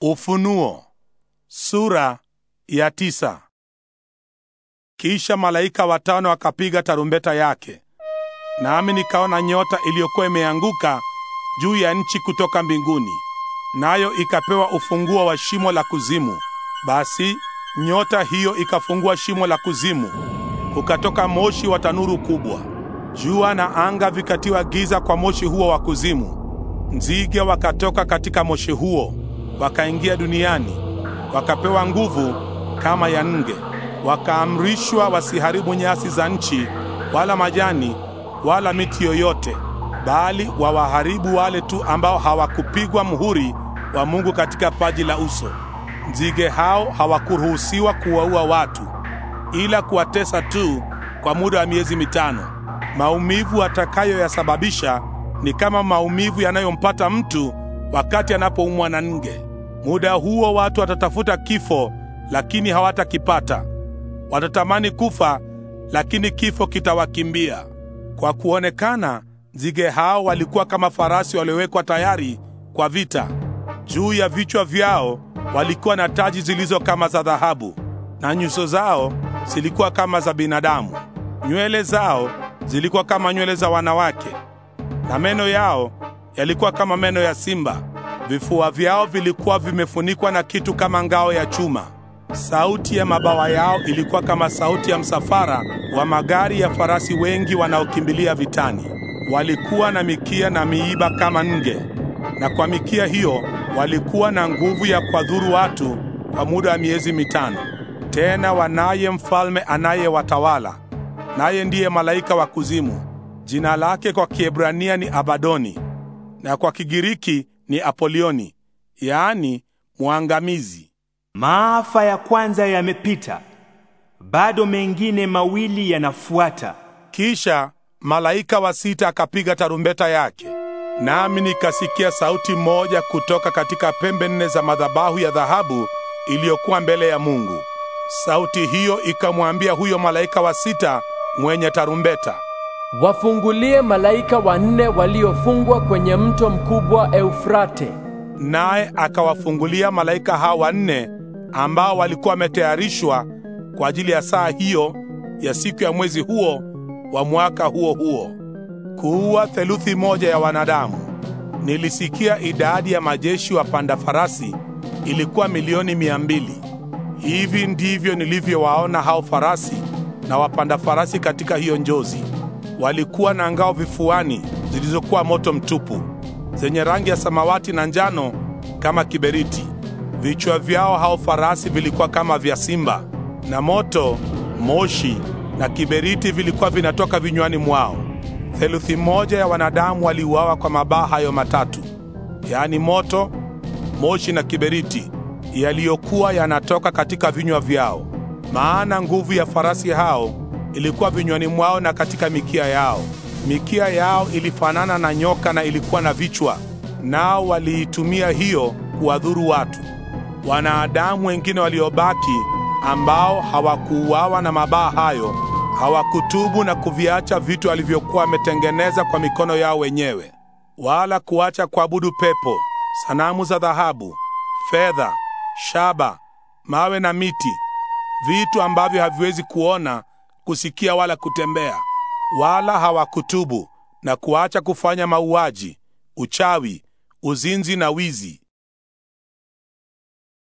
Ufunuo sura ya tisa. Kisha malaika watano akapiga tarumbeta yake, nami nikaona nyota iliyokuwa imeanguka juu ya nchi kutoka mbinguni, nayo ikapewa ufunguo wa shimo la kuzimu. Basi nyota hiyo ikafungua shimo la kuzimu, kukatoka moshi wa tanuru kubwa. Jua na anga vikatiwa giza kwa moshi huo wa kuzimu, nzige wakatoka katika moshi huo wakaingia duniani, wakapewa nguvu kama ya nge, wakaamrishwa wasiharibu nyasi za nchi wala majani wala miti yoyote, bali wawaharibu wale tu ambao hawakupigwa muhuri wa Mungu katika paji la uso. Nzige hao hawakuruhusiwa kuwaua watu, ila kuwatesa tu kwa muda wa miezi mitano. Maumivu atakayoyasababisha ni kama maumivu yanayompata mtu wakati anapoumwa na nge. Muda huo watu watatafuta kifo, lakini hawatakipata. Watatamani kufa, lakini kifo kitawakimbia. Kwa kuonekana, nzige hao walikuwa kama farasi waliowekwa tayari kwa vita. Juu ya vichwa vyao walikuwa na taji zilizo kama za dhahabu, na nyuso zao zilikuwa kama za binadamu. Nywele zao zilikuwa kama nywele za wanawake, na meno yao yalikuwa kama meno ya simba. Vifua vyao vilikuwa vimefunikwa na kitu kama ngao ya chuma. Sauti ya mabawa yao ilikuwa kama sauti ya msafara wa magari ya farasi wengi wanaokimbilia vitani. Walikuwa na mikia na miiba kama nge, na kwa mikia hiyo walikuwa na nguvu ya kuadhuru watu kwa muda wa miezi mitano. Tena wanaye mfalme anayewatawala, naye ndiye malaika wa kuzimu. Jina lake kwa Kiebrania ni Abadoni, na kwa Kigiriki ni Apolioni, yaani mwangamizi. Maafa ya kwanza yamepita, bado mengine mawili yanafuata. Kisha malaika wa sita akapiga tarumbeta yake, nami nikasikia sauti moja kutoka katika pembe nne za madhabahu ya dhahabu iliyokuwa mbele ya Mungu. Sauti hiyo ikamwambia huyo malaika wa sita mwenye tarumbeta, wafungulie malaika wanne waliofungwa kwenye mto mkubwa Eufrate. Naye akawafungulia malaika hao wanne ambao walikuwa wametayarishwa kwa ajili ya saa hiyo ya siku ya mwezi huo wa mwaka huo huo, kuua theluthi moja ya wanadamu. Nilisikia idadi ya majeshi wapanda farasi ilikuwa milioni mia mbili. Hivi ndivyo nilivyowaona hao farasi na wapanda farasi katika hiyo njozi walikuwa na ngao vifuani zilizokuwa moto mtupu, zenye rangi ya samawati na njano kama kiberiti. Vichwa vyao hao farasi vilikuwa kama vya simba, na moto, moshi na kiberiti vilikuwa vinatoka vinywani mwao. Theluthi moja ya wanadamu waliuawa kwa mabaa hayo matatu, yaani moto, moshi na kiberiti, yaliyokuwa yanatoka katika vinywa vyao, maana nguvu ya farasi hao ilikuwa vinywani mwao na katika mikia yao. Mikia yao ilifanana na nyoka na ilikuwa na vichwa, nao waliitumia hiyo kuwadhuru watu. Wanadamu wengine waliobaki ambao hawakuuawa na mabaa hayo hawakutubu na kuviacha vitu alivyokuwa wametengeneza kwa mikono yao wenyewe, wala kuacha kuabudu pepo, sanamu za dhahabu, fedha, shaba, mawe na miti, vitu ambavyo haviwezi kuona kusikia wala kutembea, wala hawakutubu na kuacha kufanya mauaji, uchawi, uzinzi na wizi,